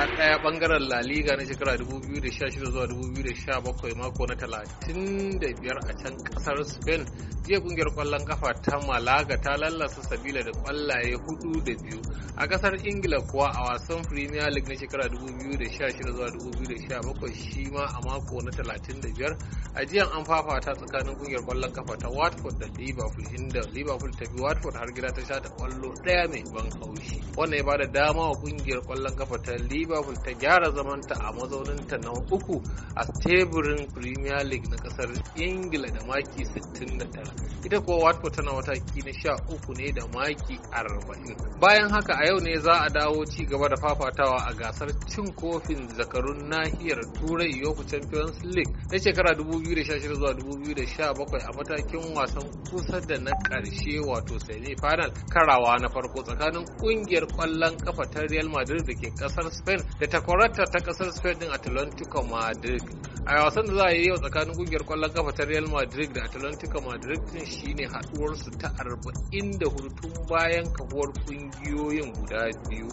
guda ɗaya bangaren La Liga na shekara 2016 zuwa 2017 mako na 35 a can kasar Spain jiya kungiyar kwallon kafa ta Malaga ta lallasa sabila da kwallaye hudu da biyu a kasar Ingila kuwa a wasan Premier League na shekara 2016 zuwa 2017 shi ma a mako na 35 a jiyan an fafata tsakanin kungiyar kwallon kafa ta Watford da Liverpool inda Liverpool ta bi Watford har gida ta sha ta kwallo daya mai ban haushi wannan ya bada dama wa kungiyar kwallon kafa ta Liverpool liverpool ta gyara zamanta a mazauninta na uku a teburin premier league na kasar ingila da maki 69 ita kuwa watford tana mataki na 13 ne da maki 40 bayan haka a yau ne za a dawo ci gaba da fafatawa a gasar cin kofin zakarun nahiyar turai Yoko champions league na shekara 2016 zuwa 2017 a matakin wasan kusa da na karshe wato semi final karawa na farko tsakanin kungiyar kwallon kafa ta real madrid da ke kasar spain Spain da Takwarata ta kasar Spain din Atlantico Madrid. A wasan da za a yi yau tsakanin kungiyar kwallon kafa ta Real Madrid da Atlantico Madrid din shine haduwarsu ta 44 tun bayan kafuwar kungiyoyin guda biyu.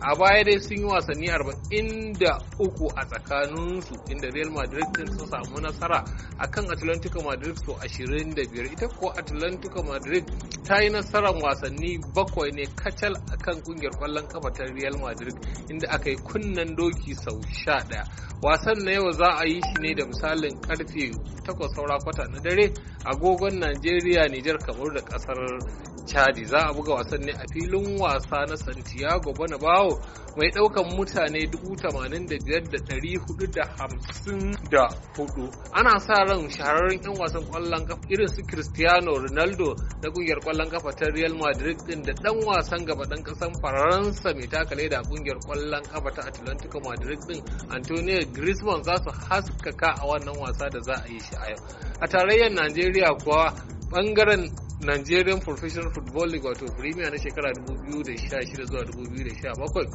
A baya dai sun yi wasanni 43 a tsakaninsu inda Real Madrid din sun samu nasara akan Atlantico Madrid so 25 ita ko Atlantico Madrid ta yi nasarar wasanni bakwai ne kacal akan kungiyar kwallon kafa ta Real Madrid inda aka yi kunnen doki sau sha ɗaya wasan na yau za a yi shi ne da misalin karfe takwas saura kwata na dare agogon najeriya nijar kamar da ƙasar chadi za a buga wasan ne a filin wasa na santiago banabawo mai ɗaukan mutane 85,454 ana sa ran shahararren 'yan wasan ƙwallon kafa irin su cristiano ronaldo na ƙungiyar ƙwallon kafa ta real madrid din da ɗan wasan gaba ɗan ƙasan faransa mai takale da ƙungiyar kwallon kafa ta ta atlantico madrid din antonio griezmann za su haskaka a wannan wasa da za a yi shi a yau a tarayyar najeriya kuwa bangaren nigerian professional football league wato premier na shekara 2016 zuwa 2017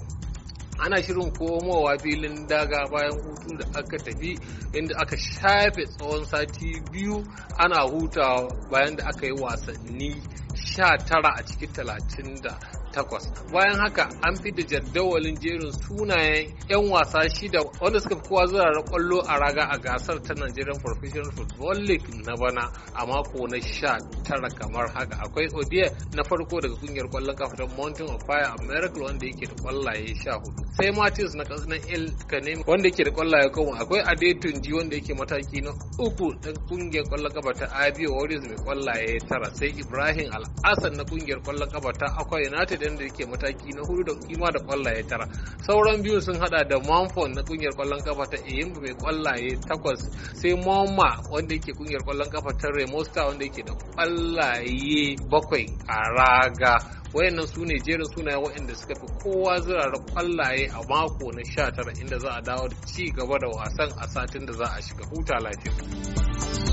ana shirin komowa filin daga bayan hutu da aka tafi inda aka shafe tsawon sati biyu ana hutawa bayan da aka yi wasanni 19 a cikin 30 da takwas bayan haka an fi da jadawalin jerin sunayen 'yan wasa shida wanda suka fi kowa zurara kwallo a raga a gasar ta Nigerian Professional Football League na bana a mako na sha tara kamar haka akwai Odia na farko daga kungiyar kwallon kafa ta Mountain of Fire a Miracle wanda yake da kwallaye sha hudu sai Martins na na il Kanemi wanda yake da kwallaye kuma akwai Adetunji wanda yake mataki na uku da kungiyar kwallon kafa ta Abio Warriors mai kwallaye tara sai Ibrahim Al-Asan na kungiyar kwallon kafa ta akwai United da yake mataki na hudu da kima da kwallaye tara sauran biyu sun hada da manfon na kungiyar kwallon kafa ta eyimba mai kwallaye takwas sai moma wanda yake kungiyar kwallon kafa ta remosta wanda yake da kwallaye bakwai a raga wayannan su ne jerin sunayen wayanda suka fi kowa zirara kwallaye a mako na 19 inda za a dawo da ci gaba da wasan a satin da za a shiga huta lafiya.